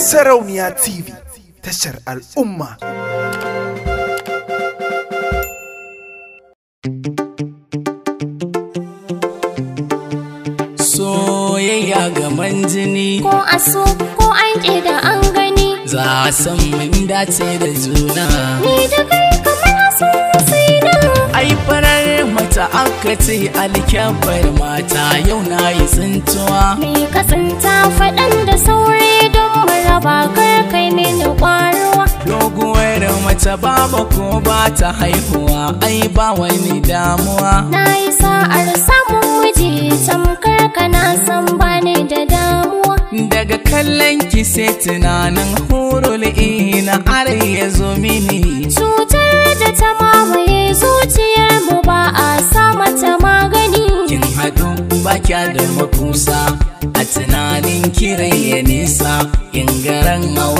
Sarauniya TV tashar al'umma. Soyayya gaman jini ko aso ko an da an gani za a san mun dace da juna. Ni da kai kamar aso sai Ai farar mata aka ce alkyabar mata yau na yi tsintuwa. Me kasanta faɗan mace babu ko ba ta haihuwa ai ba wani damuwa na yi sa'ar samun miji tamkar kana san ba bani da damuwa daga kallon ki sai tunanin hurul ina are ya zo mini cutar da ta mamaye zuciyar mu ba a sa mata magani kin haɗu ba kya da makusa a tunanin kirai ya nisa in garan hawa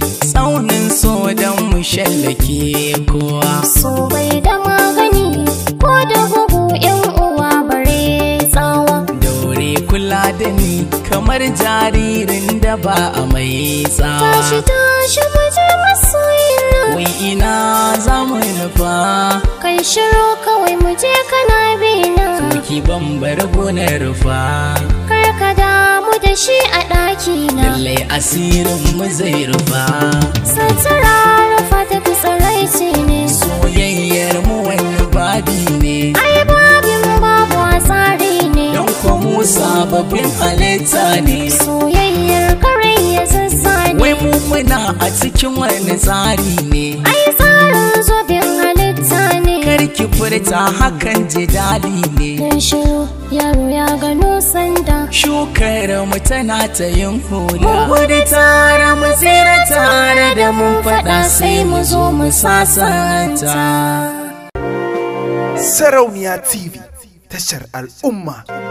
tsaunin so don mu shallake kowa so bai da magani ko da bugu yan uwa bare tsawa Dore kula da ni kamar jaririn da ba a mai tsawa tashi tashi mu je masoyina wai ina za mu nufa kai shiro kawai mu je kana bina ki ban bar gonar rufa shi a ɗaki na lalle asirin mu zai rufa satara rufa ta fi tsaraici ne Soyayyar mu wani babi ne Ai babin mu babu a tsari ne Don ko mu sababbin halitta ne Soyayyar kare ya sassa ne Wai mu muna a cikin wani tsari ne Ai tsarin zobin halitta ne Kar ki furta hakan jidali ne yaro ya gano sanda shukar mu tana ta yin hula gudu tara mu tsira tare da mun faɗa sai mu zo mu sasanta sarauniya tv tashar al'umma